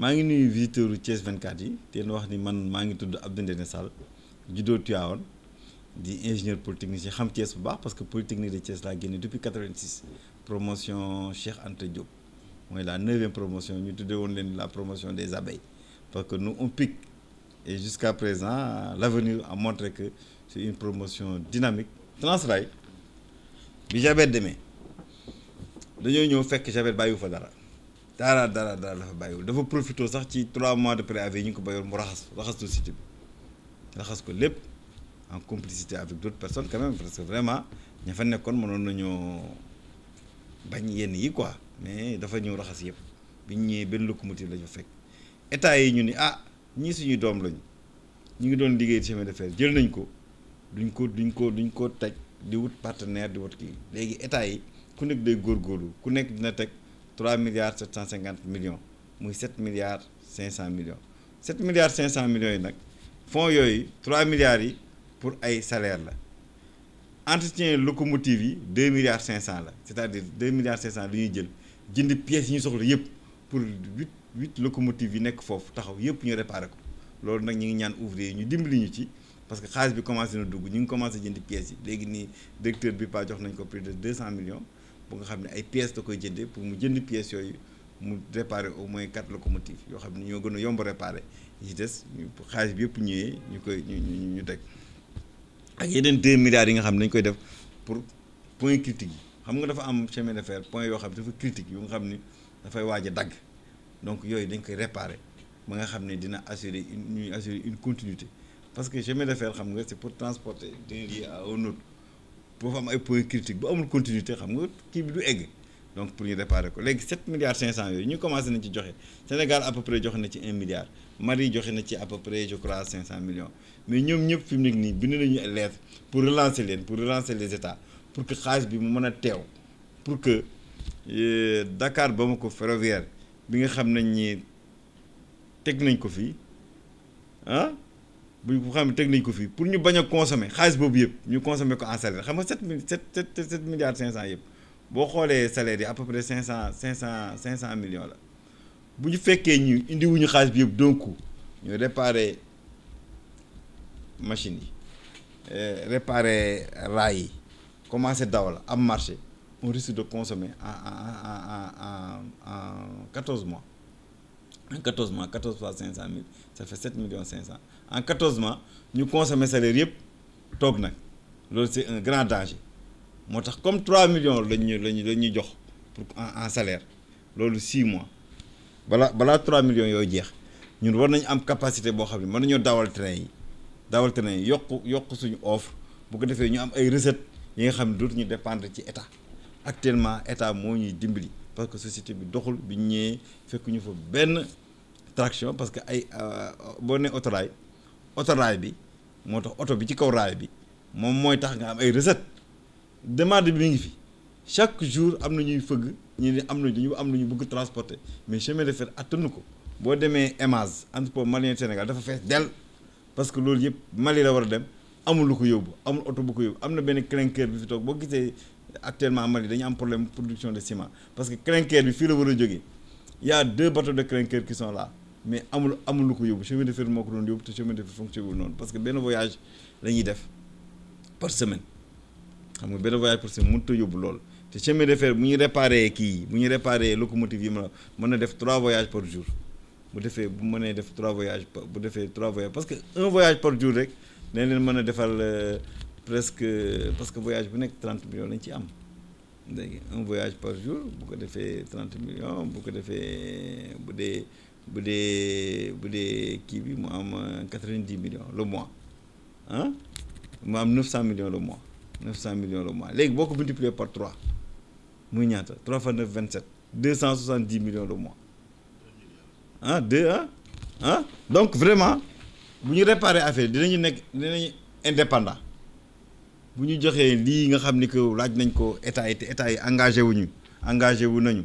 maa ngi nuyu visiteurs yu Thiès 24 yi te wax ni man maa ngi tudd Abdou Ndéné Sall juddoo Tivaouane di ingénieur polytechnicien xam Thiès bu baax parce que polytechnique de Thiès laa génne depuis 86 promotion Cheikh Anta Diop mooy la neuvième promotion ñu tuddee woon leen la promotion des abeilles parce que nu on pique et jusqu'à présent l'avenir a montré que c'est une promotion dynamique Transrail bi Javert demee dañoo ñëw fekk Javert bàyyiwu fa dara dara dara dara dafa bàyyiwul dafa profité sax ci trois mois de préavis yi ñu ko béyoon mu raxas raxas société bi raxas ko lépp en complicité avec d'autres personnes quand même parce que vraiment ña fa nekkoon mënoon nañoo bañ yenn yi quoi mais dafa ñëw raxas yëpp bi ñu ñëwee benn locomotive la ñu fekk état yi ñu ni ah ñii suñuy doom lañu ñu ngi doon liggéey chemin de fer jël nañ ko duñ ko duñ ko duñ ko teg di wut partenaire di wut kii léegi état yi ku nekk day góorgóorlu ku nekk dina teg. 3 milliards 750 millions muy 7 milliards 500 millions 7 milliards cent millions yi nag fonds yooyu 3 milliards yi pour ay salaire la entretien locomotive yi 2 milliards 500 la c'est-à-dire 2 milliards 500 lu ñu jël jënd pièces yi ñu soxla yëpp pour 8 8 locomotives yi nekk foofu taxaw yëpp ñu réparé ko loolu nag ñu ngi ñaan ouvrier yi ñu dimbali ñu ci parce que xaalis bi commencé na dugg ñu ngi commencé jënd pièces léegi nii directeur bi pa jox nañ ko bu nga xam ne ay pièces da koy jënde pour mu jënd pièces yooyu mu réparer au moins quatre locomotives yoo xam ne ñoo gën a yomb réparer yi des ñu xaalis bi yëpp ñëwee ñu koy ñu ñu ñu teg ak yeneen de milliards yi nga xam ne dañ koy def pour point critique yi xam nga dafa am chemin de fer point yoo xam ne dafa critique yu nga xam ne dafay waaja dagg donc yooyu dañ koy réparer ba nga xam ni dina assurer une ñuy assurer une continuité parce que chemin de fer xam nga c'est pour transporter d'un lieu à un boo am ay points critiques bu amul continuité xam nga kii bi du egg donc pour ñu réparer ko léegi 7 milliards 500 yooyu ñu commencé nañ ci joxe Sénégal à peu na ci 1 milliard Mali joxe ci à peu près je crois 500 millions mais ñoom ñëpp fi mu nekk nii bind nañu lettre pour relancer leen pour relancer les états pour que xaalis bi mu mën a teew pour que euh, Dakar ko ferroviaire bi nga xam nañ ni teg nañ ko fii bu xam ne teg nañ ko fii pour ñu bañ a consommer xaalis boobu yëpp ñu consommer ko en xam nga sept sept sept milliards cinq cent yëpp boo xoolee salaire yi à peu près cinq cent cinq cent bu ñu fekkee ñu indiwuñu xaalis bi yëpp donc ñu réparer machine yi euh, réparer raay yi commencé daw la am marché on risque de consommer en en mois. en 14 mois 14 fois 500 000 ça fait 7 millions 500 en 14 mois ñu consommer salaire yëpp toog nag loolu c'est un grand danger moo tax comme 3 millions lañ ñu lañ la ñuy jox pour en en salaire loolu 6 mois balaa balaa 3 millions yooyu jeex ñun war nañu am capacité boo xam ne mën nañoo dawal train yi dawal train yi yokku yokk suñu offre bu ko defee ñu am ay recettes yi nga xam dootu ñu dépendre ci état actuellement état moo ñuy dimbali. parce que société bi doxul bi ñëwee fekkuñu fa benn traction parce que ay euh, boo ne autorail autorail bi moo tax oto bi ci kaw raay bi moom mooy tax nga am ay recette demande bi mi ngi fi chaque jour am na ñuy fëgg ñu ne am na ñu am na ñu bëgg transporter mais chemin de fer attanu ko boo demee EMAS entrepôt malien Sénégal dafa fees del parce que loolu yëpp Mali la war a dem amul lu ko yóbbu amul oto bu ko yóbbu am na benn clinker bi fi toog boo gisee actuellement Mali dañu am problème production de ciment parce que clinker bi fii la war a jógee y a deux bateaux de clinker qui sont là mais amul amul lu ko yóbbu chemin de fer moo ko doon yóbbu te chemin de fer fonctionné wul noonu parce que benn voyage la ñuy def par semaine xam nga benn voyage par semaine mënut a yóbbu lool te chemin de fer bu ñu réparé kii bu ñu réparé locomotive yi ma mën na def trois voyages par jour bu defee bu mënee def trois voyages bu defee trois voyages que voyage par jour rek dañ leen mën a defal euh, presque parce que voyage bu nekk trente millions lañ ci am léegi un voyage par jour bu ko defee trente million bu ko defee bu dee bu dee bu dee kii bi mu am quatre-vingt-dix millions le mois ah mu am neuf cent millions le mois neuf cent mois léegi boo ko multiplier par trois muy ñaata trois fa neuf vingt-sept deux cent soixante-dix millions le mois deux ah donc vraiment bu ñu réparer affaire dinañu nekk dinañu indépendant bu ñu joxee lii nga xam ni que laaj nañ ko état yi te état yi engagé wu ñu engagé wu nañu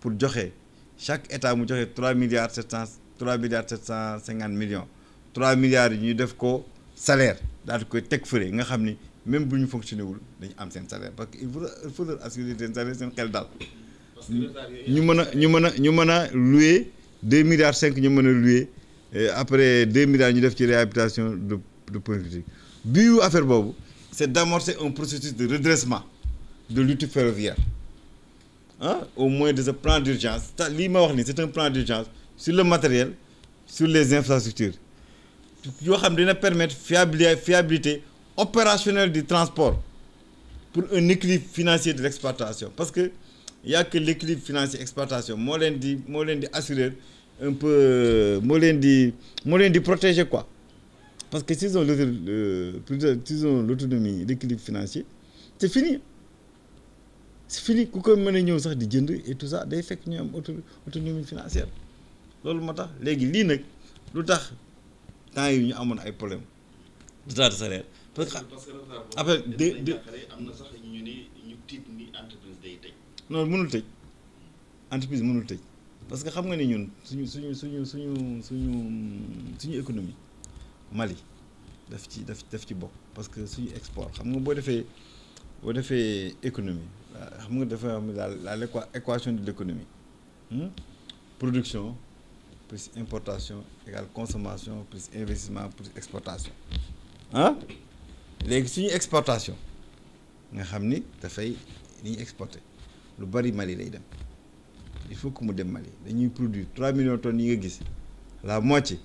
pour joxe chaque état mu joxe trois milliards sept cent trois milliards sept cent cinquante millions trois milliards yi ñu def ko salaire daal di koy teg fële nga xam ni même bu ñu fonctionné wul dañu am seen parce que il faut il faut leur assurer seen salaire xel daal. ñu mën a ñu mën a ñu mën a louer deux milliards cinq ñu mën a louer euh, après deux milliards ñu def ci réhabilitation de de politique bii affaire boobu. c'est d'amorcer un processus de redressement de lutte ferroviaire ah au moins de ce plan d'urgence lii ma wax nii c'est un plan d'urgence sur le matériel sur les infrastructures yoo xam dina permettre fiabilité fiabilité opérationnelle du transport pour un équilibre financier de l'exploitation parce que y a que l'équilibre financier exploitation moo leen di moo leen di assurer un peu moo leen di moo leen di protéger quoi Parce que euh, s'ils ont l'autonomie l'équilibre financier, c'est fini. C'est fini. Ku ko mën ñëw sax di jënd et tout ça day fekk ñu am autonomie financière loolu moo tax léegi lii nag lu tax temps yi ñu amoon ay problème retard de salaire parce que après de am na sax ñu ni ñu tiit ni entreprise day tëj. non mënul tëj entreprise mënul tëj parce que xam nga ni ñun suñu suñu suñu suñu suñu suñu économie. Mali daf ci daf daf ci bokk parce que suñu export xam nga boo defee boo defee économie xam nga dafa am daal la l'équation de l'économie hmm? production plus importation égale consommation plus investissement plus exportation ah léegi suñu exportation nga xam ni dafay li ñuy exporté lu bari Mali lay dem il faut que mu dem Mali dañuy produit 3 millions de tonnes yi nga gis la moitié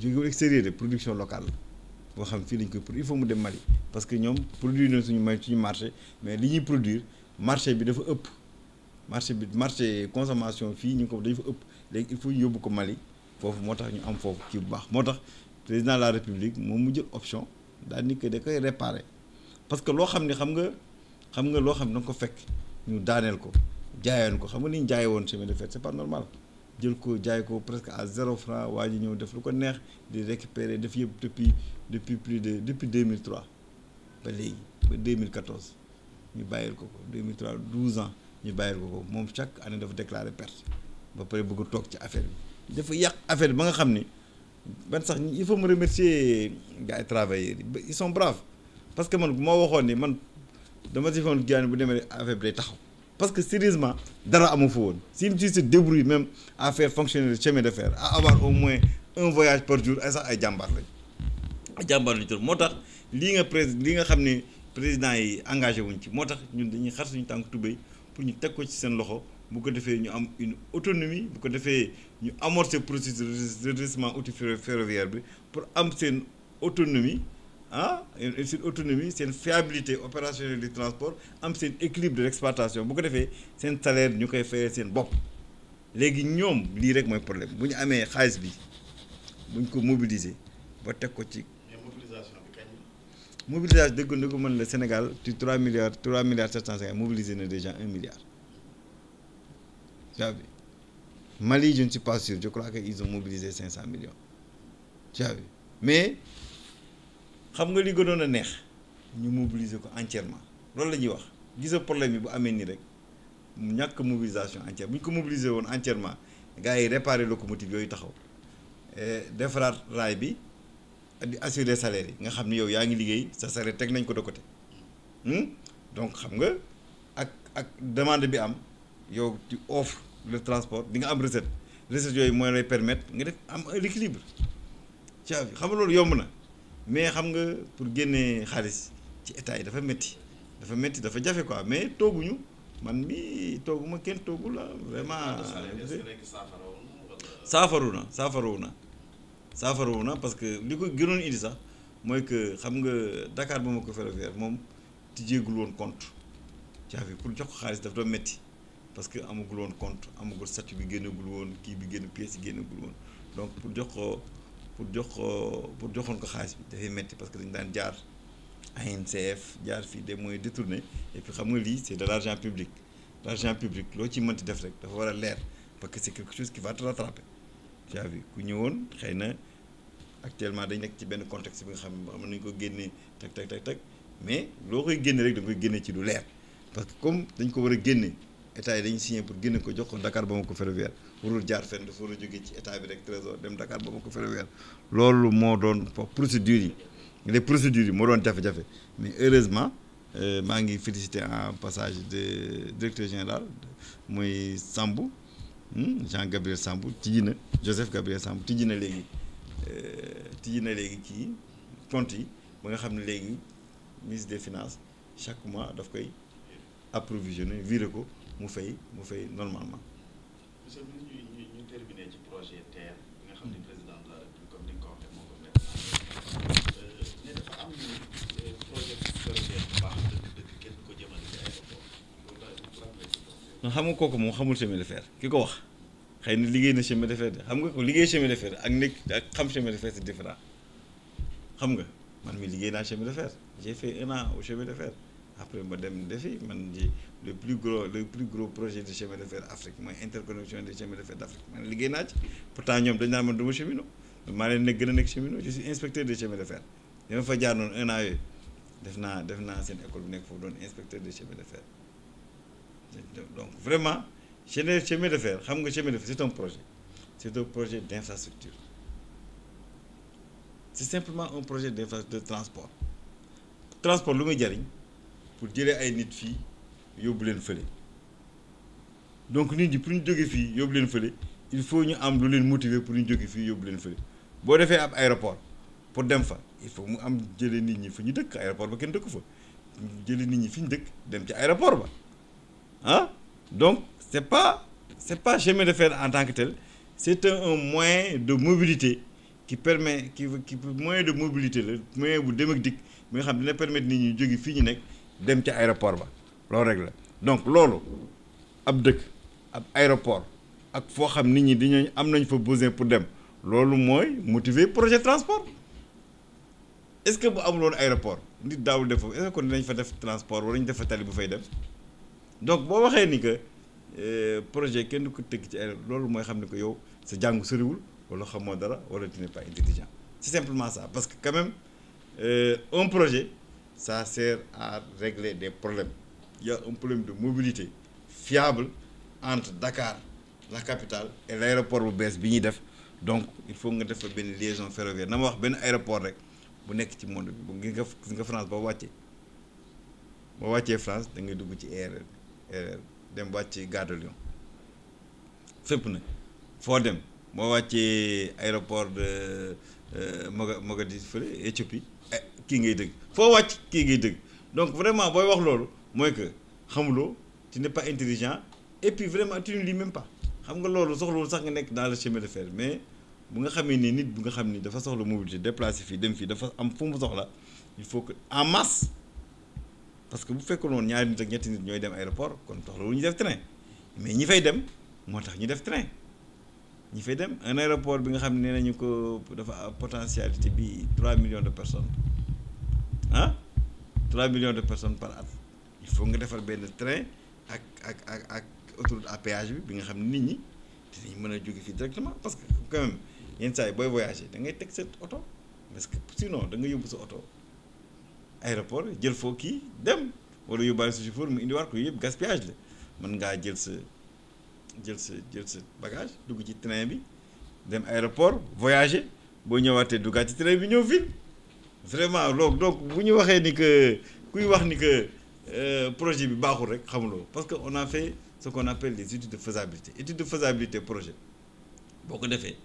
jógewul extérieur production locale la boo xam fii lañ koy produire il faut mu dem Mali parce que ñoom produire na suñu may suñu marché mais li ñuy produire marché bi dafa ëpp marché bi marché consommation fii ñu ko fa ëpp léegi il faut yóbbu ko Mali foofu moo tax ñu am foofu kii bu baax moo tax président la république moom mu jël option daal ni que da koy réparer parce loo xam ne xam nga xam nga loo xam ne da ko fekk ñu daaneel ko jaayoon ko xam nga ni ñu jaay woon chemin de fer jël ko jaay ko presque à zéro franc waa ji ñëw def lu ko neex di récupérer def yëpp depuis depuis plus de depuis 2003 ba léegi ba 2014 ñu bàyyil ko ko 2003 12 ans ñu bàyyil ko ko moom chaque année dafa déclarer perte ba pare bëgg toog ci affaire bi dafa yàq affaire bi ba nga xam ni ban sax il faut me remercier gars yi travailleurs yi ils sont braves parce que man bu ma waxoon ni man dama si foon gaañ bu demee affaire taxaw. parce que sérieusement dara amu fa woon si se débrouille même à faire fonctionner le chemin de fer à avoir au moins un voyage par jour ay sax ay jàmbaar lañ ay jàmbaar lañ moo tax lii nga prés li nga xam ne président yi engagé wuñ ci moo tax ñun dañuy xar suñu tànk tubéy pour ñu teg ko ci seen loxo bu ko defee ñu am une autonomie bu ko defee ñu amorcer processus de redressement outil ferroviaire bi pour am seen autonomie ah seen autonomie seen fiabilité opérationnelle du transport am seen équilibre de l'exploitation bu ko defee seen salaire ñu koy fayee seen bopp léegi ñoom lii rek mooy problème bu ñu amee xaalis bi buñ ko mobiliser ba teg ko ci. mobilisation bi kañ na ko mën la Sénégal ci 3 milliards 3 milliards 750 mobiliser na déjà 1 milliard. tu as vu Mali je ne suis pas sûr je crois que ils ont mobilisé xam nga li gënoon a neex ñu mobiliser ko entièrement loolu la ñuy wax gisa problème yi bu amee nii rek ñàkk mobilisation entière bu ñu ko mobiliser woon entièrement gars yi réparer locomotive yooyu taxaw defaraat raay bi di assurer salaire yi nga xam ni yow yaa ngi liggéey sa salaire teg nañ ko de côté hmm? donc xam nga ak ak demande bi am yow tu offre le transport di nga am recette recette yooyu mooy lay permettre nga def am l'équilibre caabi xam nga loolu yomb na mais xam nga pour génnee xaalis ci état yi dafa métti dafa métti dafa jafe ko quoi mais tooguñu man mi tooguma kenn toogu la vraiment ah, saafaru na saafaru na saafaru na parce que li ko gënoon indi sax mooy que xam nga Dakar ba ma ko ferroviaire moom tijjeegul woon compte caafi pour jox ko xaalis daf doon métti parce que amagul woon compte amagul statut bi génnagul woon kii bi génn pièce yi génnagul woon donc pour jox ko pour jox ko pour joxoon ko xaalis bi dafay métti parce que dañu daan jaar ANCF jaar fii des moyens détournés et puis xam nga lii c' est de l' argent public l' argent public loo ci mënti def rek dafa war a leer parce que c' est quelque chose qui va te rattraper tu ku ñëwoon xëy na actuellement dañ nekk ci benn contexte bi nga xam ne mën nañu ko génnee tak tak tak tak mais loo koy génne rek da nga koy génne ci lu leer parce que comme dañ ko war a génne état yi dañu signé pour génne ko jox ko Dakar Bamako Ferroviaire warul jaar fenn dafa war a jóge ci état bi rek trésor dem Dakar Bamako Ferroviaire loolu moo doon procédures yi les procédures yi moo doon jafe-jafe mais heureusement euh, maa ngi félicité en passage de directeur général mooy Sambou hmm, Jean Gabriel Sambou tijji na Joseph Gabriel Sambou tijji na léegi euh, tijji na léegi kii compte yi ba nga xam ne léegi ministre des finance chaque mois daf koy approvisionner viré ko. mu fay mu fay normalement. monsieur le ministre ñu ñu terminer ci projet TER nga xam ne hmm. président de la comme ni ko waxee moo euh, euh, xamul chemin de fer ki ko wax xëy na liggéey na chemin de fer de xam nga ko liggéey chemin de fer ak nekk ak xam chemin de fer c'est différent xam nga man mi liggéey naa chemin de fer j'ai fait un an de fer. après ma dem defi man ji le plus gros le plus projet de chemin de fer Afrique mooy interconnexion des chemins de fer d' man liggéey naa ci pourtant ñoom dañ naan man du ma cheminot maa leen ne gën a nekk cheminot je suis inspecteur des chemins de fer dama fa jaar noonu un def naa def naa seen école bu nekk foofu doon inspecteur des chemins de fer donc vraiment chemin chemin de fer xam nga chemin de fer c' est projet c' est projet d' infrastructure c' un projet d' infrastructure de transport transport lu muy jëriñ. pour jëlee ay nit fii yóbbu leen fële donc nit ñi pour ñu jóge fii yóbbu leen fële il faut ñu am lu leen motiver pour ñu jóge fii yóbbu leen fële boo defee ab aéroport pour dem fa il faut mu am jëlee nit ñi fu ñu dëkk aéroport ba kenn dëkku fa jëlee nit ñi fi ñu dëkk dem ci aéroport ba ah donc c'est pas c'est pas chemin de fer en tant que tel c'est un, un moyen de mobilité qui permet qui qui moyen de mobilité la moyen bu dem ak dikk mu nga xam dina permettre nit ñi jóge fii ñu nekk dem ci aéroport ba loolu rek la donc loolu ab dëkk ab aéroport ak foo xam nit ñi di ñooñu am nañ fa besoin pour dem loolu mooy motiver projet transport est-ce que bu amul woon aéroport nit daawul def foofu est-ce que kon dinañ fa def transport wala ñu def fa tali bu fay dem donc boo waxee ni que euh, projet kenn du ko tëgg ci aéroport loolu mooy xam ne ko yow sa jàngu soriwul wala xamoo dara wala tu n'es pas intelligent c'est simplement ça parce que quand même euh, projet ça sert à régler des problèmes il un problème de mobilité fiable entre Dakar la capitale et l' bu bees bi ñuy def donc il faut nga def fa benn liaison ferroviaire na ma wax benn aéroport rek bu nekk ci monde bi ngi nga gis nga France boo wàccee boo wàccee France da ngay dugg ci RR RR dem wàcce ci gare de Lyon fépp nag foo dem moo wàccee aéroport de euh, Mogadiscio fële Éthiopie kii ngay dëgg foo wàcc kii ngay dëgg donc vraiment booy wax loolu mooy que xamuloo tu n'es pas intelligent et puis vraiment tu ne lis même pas xam nga loolu soxlawul sax nga nekk dans le chemin de fer mais bu nga xamee ni nit bu nga xam ni dafa soxla mobilité déplacé fii dem fii dafa am fu mu soxla il faut que en masse parce que bu fekkoon woon ñaari nit ñetti nit ñooy dem aéroport kon soxlawul ñu def train mais ñi fay dem moo tax ñu def train ñi fay dem un aéroport bi nga xam ne nee nañu ko dafa potentialité bi 3 millions de personnes ah 3 millions de personnes par at il faut nga defar benn train ak ak ak ak autoroute à péage bi bi nga xam nit ñi dinañ mën a jóge fii directement parce que quand même yenn saa yi booy voyagé da ngay teg sa oto parce que sinon da nga yóbbu sa oto aéroport jël foo kii dem wala yóbbaale sa chauffeur mu indiwaat ko yëpp gaspillage la mën ngaa jël sa jël sa jël sa bagage dugg ci train bi dem aéroport voyager boo ñëwaatee duggaat ci train bi ñëw vil vraiment donc donc bu ñu waxee ni que kuy wax ni que euh, projet bi baaxul rek xamuloo parce que on a fait ce qu'on appelle de faisabilité étude de faisabilité projet boo ko defee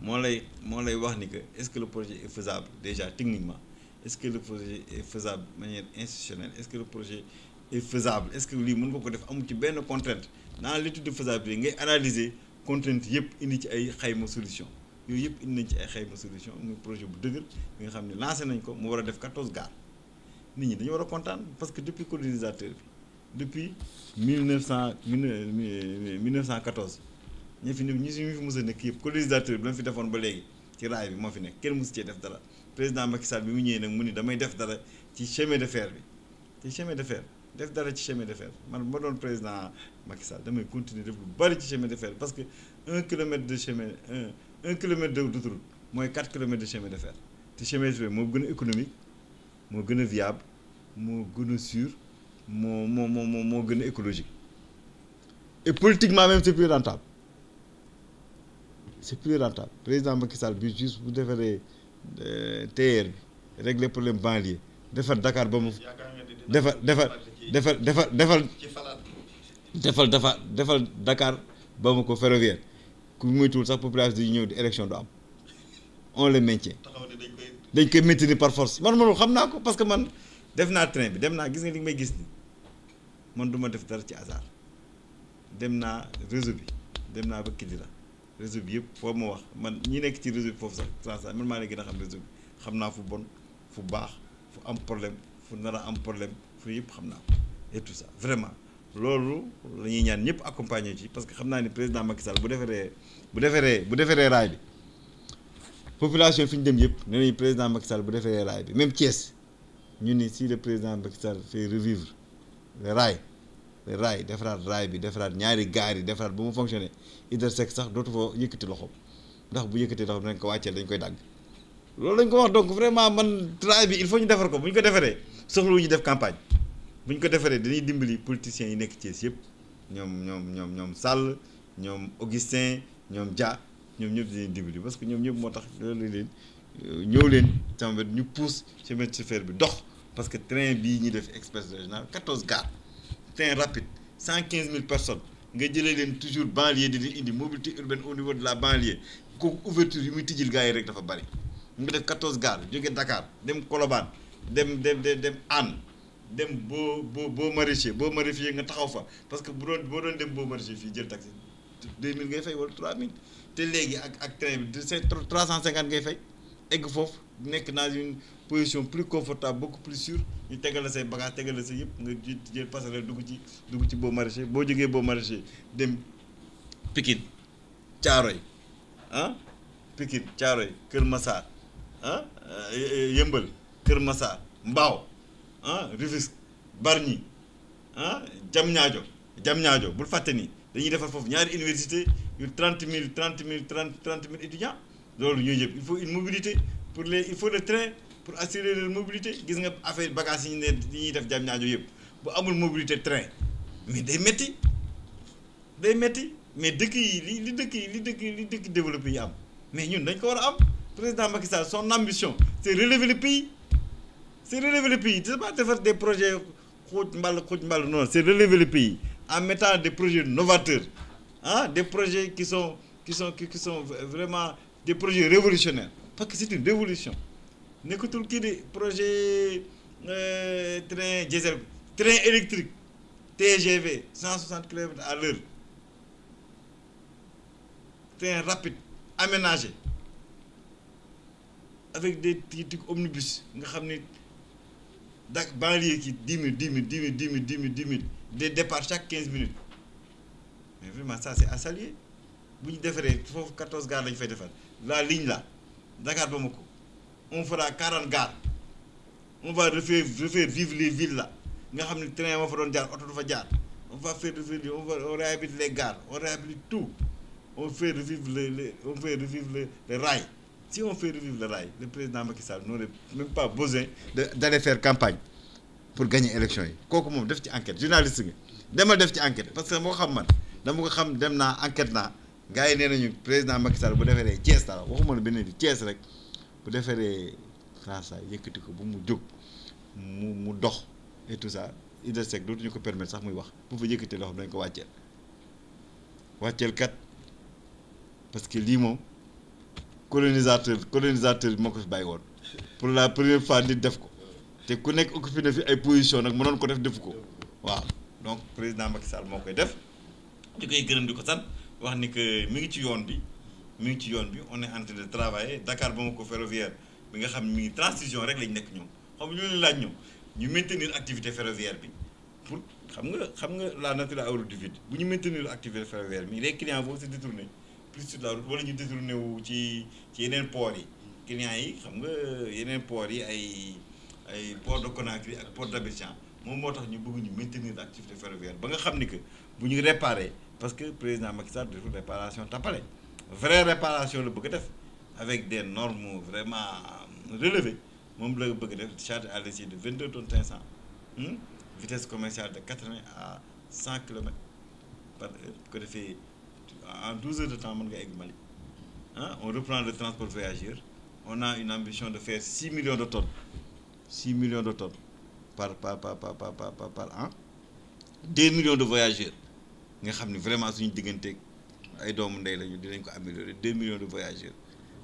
moo lay moo lay wax ni que est-ce le projet est faisable déjà techniquement est-ce que le projet est faisable de manière institutionnelle est que le projet est faisable est que lii mën nga ko def amul ci benn contrainte dans l'étude de faisabilité ngay analyser contrainte yëpp indi ci ay xayma solution yooyu yëpp indi nañ ci ay xayma solution muy projet bu dëgër bi nga xam ne lancé nañ ko mu war a def 14 gares nit ñi dañu war a kontaan parce que depuis colonisateur bi depuis 1900 1914 ñu fi ne ñu fi ñu fi mos a nekk yëpp colonisateur bi la fi defoon ba léegi ci raay bi moo fi nekk kenn mosu cee def dara président Macky Sall bi mu ñëwee nag mu ni damay def dara ci chemin de fer bi te chemin de fer def dara ci chemin de fer ma doon président Macky Sall damay continuer def lu bari ci chemin de parce que un de chemin un. un kilomètre de d'autoroute mooy quatre kilomètres de chemin de fer te chemin de fer moo gën a économique moo gën a viable moo gën a sûr moo moo moo gën a écologique et politiquement même c'est plus rentable c'est plus rentable président Macky Sall bi juste bu defaree euh, TER bi régler problème banlieue defar Dakar ba mu. defar defar defar defar defar defal defar Dakar ba mu ko ferroviaire. ku moytuwul sax population di ñëw di élection du am on le maintient dañ koy maintenir par force man man xam naa ko parce que man def naa train bi dem naa gis nga li may gis ni man duma def dara ci hasard dem naa réseau bi dem naa ba Kidira réseau bi yëpp foo ma wax man ñi nekk ci réseau bi foofu sax sans man maa leen gën a xam réseau bi xam naa fu bon fu baax fu am problème fu nar a am problème fu yëpp xam naa ko et tout ça vraiment loolu la ñuy ñaan ñëpp accompagner ci parce que xam naa ni président Macky bu deferee bu defaree bu deferee raay bi population fi ñu dem yëpp nee nañu président Macky bu deferee raay bi même Thiès ñu ni si le président Macky Sall fait revivre le rail le rail defaraat raay bi defaraat ñaari gaar yi defaraat bu mu fonctionné Idrissa Seck sax dootu fa yëkkati loxo ndax bu yëkkati loxo dinañ ko wàccee dañ koy dàgg loolu lañ ko wax donc vraiment man raay bi faut ñu defar ko bu ñu ko deferee soxla wu ñu def campagne. bu ñu ko defaree dañuy dimbali politiciens yi nekk Thiès yëpp ñoom ñoom ñoom ñoom Sall ñoom Augustin ñoom Dia ñoom ñëpp dañuy dimbali parce que ñoom ñëpp moo tax loolu leen euh, ñëw leen sama wet ñu pousse chemin de fer bi dox parce que train bii ñu def express régional 14 gares train rapide 115000 personnes nga jëlee leen toujours banlieue di leen indi mobilité urbaine au niveau de la banlieue kooku ouverture yi muy tijjil gars yi rek dafa bari. nga def 14 gares jóge Dakar dem Colobane dem dem dem Anne. dem boo boo boo maraîcher boo maraîcher nga taxaw fa parce que bu boo doon dem boo maraîcher fii jël taxi 2000 ngay fay wala 3000 te léegi ak ak train bi cent 350 ngay fay egg foofu nekk naa une position plus confortable beaucoup plus sûre ñu tegal la say bagages tegal la say yëpp nga ji jël passerelle dugg ci dugg ci boo maraîcher boo jógee boo maraîcher dem Pikine Thiaroye ah Pikine Thiaroye Kër Massar ah euh, Yëmbal Kër Massar Mbao ah Rufisque Bargny ah jam Diamniadio bul fàtte ni dañuy defar foofu ñaari université yu trente mille trente mille trente trente mille étudiants loolu yooyu yëpp il faut une mobilité pour les il faut le train pour assurer leur mobilité gis nga affaire bagages yi ñu ne yi ñuy def Diamniadio yëpp bu amul mobilité train mais day métti day métti mais dëkk yi li dëkk yi li dëkk li dëkk développé yi am mais ñun dañ ko war a am président Macky Sall son ambition c'est relever c'est relever le pays de faire des projets mbal xuuj mbal non c'est relever le pays en mettant des projets novateurs ah des projets qui sont qui sont qui sont vraiment des projets révolutionnaires parce que c'est une révolution nekkatul kii di projet euh, train diesel train électrique TGV 160 kilomètres à l'heure train rapide aménagé avec des titres omnibus nga xam ni dak banlieue qui 10 000, 10 000, 10 000, 10 000, 10 000, 10 000, des départs chaque 15 minutes. Mais vraiment, ça, c'est à saluer. Si nous faisons 14 gares, nous faisons la ligne là, Dakar Bamako, on fera 40 gares. On va refaire, refaire vivre la nga xam Nous avons le train, on va faire un on va faire revivre, on, va, on réhabilite les gares, on réhabilite tout. On fait on fait revivre les, les si on fait revivre le rail le président Macky Sall n'aurait même pas besoin de d'aller faire campagne pour gagner élection yi kooku moom def ci enquête journaliste nga demal def ci enquête parce que moo xam man dama ko xam dem naa enquête naa gars yi nee nañu président Macky Sall bu deferee Thiès daal waxuma la beneen di Thiès rek bu deferee France yëkkati ko bu mu jóg mu mu dox et tout ça Idrissa Seck ñu ko permettre sax muy wax bu fa yëkkatee loxo dañ ko wàcceel wàcceel que lii colonisateur colonisateur bi moo ko fi bàyyi woon pour la première fois nit def ko te ku nekk occupé na fi ay position nag mënoon ko def defu ko waaw donc président Macky Sall moo koy def di koy gërëm di ko san wax ni que mi ngi ci yoon bi mi ngi ci yoon bi on est en train de travailler Dakar Bamako ferroviaire bi nga xam ni transition rek lañ nekk ñoom xam nga ñu laaj ñoom ñu maintenir activité ferroviaire bi pour xam nga xam nga la nature a horreur du vide bu ñu maintenir plus sur la route wala ñu détourné wu ci ci yeneen port yi clients yi xam nga yeneen port yi ay ay port de Conakry ak port d'Abidjan moom moo tax ñu bëgg ñu maintenir activité ferroviaire ba nga xam ni que bu ñu réparer parce que président Macky Sall dafa réparation tappale vraie réparation la bëgg def avec des norme vraiment relevées moom la bëgg def charge à l'essieu de 22 tonnes 500 hmm? vitesse commerciale de 80 à cent kilomètres par heure ko defee en douze heures de temps mën nga egg Mali ah on reprend le transport voyageur on a une ambition de faire six millions de tonnes six millions de tonnes par par par par par par par an deux millions de voyageurs nga xam ne vraiment suñu digganteeg ay doomu ndey lañu dinañ ko améliorer deux millions de voyageurs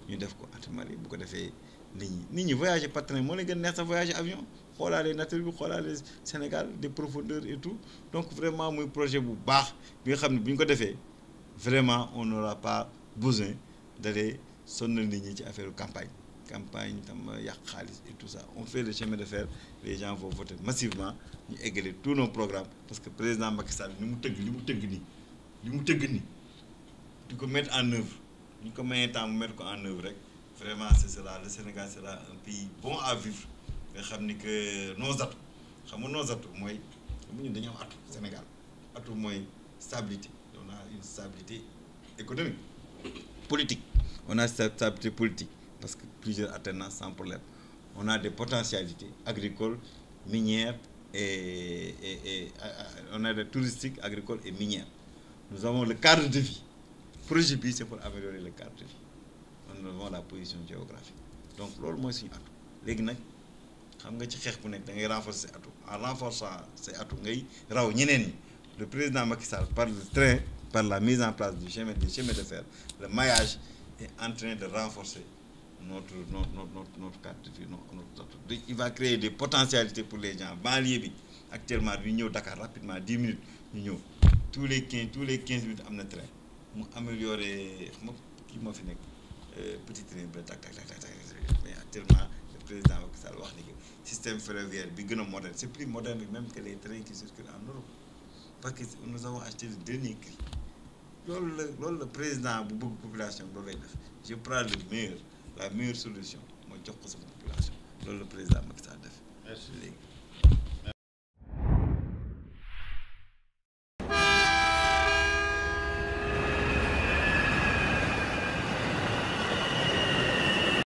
ñu def ko at Mali bu ko defee nit ñi nit ñi voyage par train moo leen gën neex sa voyager avion xoolaale nature bi xoolaale Sénégal de profondeurs et tout donc vraiment muy projet bu baax xam ne bu ñu ko defee. vraiment on n'aura pas besoin d'aller sonal nit ñi ci affaire campagne campagne tam yàq xaalis et tout ça on fait le chemin de fer les gens vont voter massivement ñu eggale tous nos programmes parce que président Macky Sall li mu tëgg li mu tëgg nii li mu tëgg nii di ko mettre en œuvre ñu ko mayee temps mu mettre ko en œuvre rek vraiment c'est cela le Sénégal sera un pays bon à vivre nga xam ni que nos atouts xam nga nos atouts mooy mu ñu dañoo am Sénégal atout mooy stabilité on a une stabilité économique politique on a cette stabilité politique parce que plusieurs alternances sans problème on a des potentialités agricoles minières et, et, et euh, on a des touristiques agricoles et minières nous avons le cadre de vie projet bi c'est pour améliorer le cadre de vie nous avons la position géographique donc loolu mooy suñu atu léegi nag xam nga ci xeex bu nekk da ngay renforcer atu en renforçant say atu ngay raw ñeneen ñi le président Macky Sall par le train par la mise en place du chemin du chemin de fer le maillage est en train de renforcer notre notre notre notre cadre de vie notre il va créer des potentialités pour les gens banlieue bi actuellement du ñëw Dakar rapidement dix minutes ñu ñëw tous les quinze tous les quinze minutes am na train mu améliorer xam nga kii moo fi nekk euh, petit train bi tak tak tak tak mais actuellement le président Macky wax ni système ferroviaire bi gën a moderne parce que nous avons acheté le dernier cri loolu la loolu la président bu bëgg population loolu lay def je prends le meilleur la meilleure solution mooy jox ko sama population loolu la président Macky Sall def merci léegi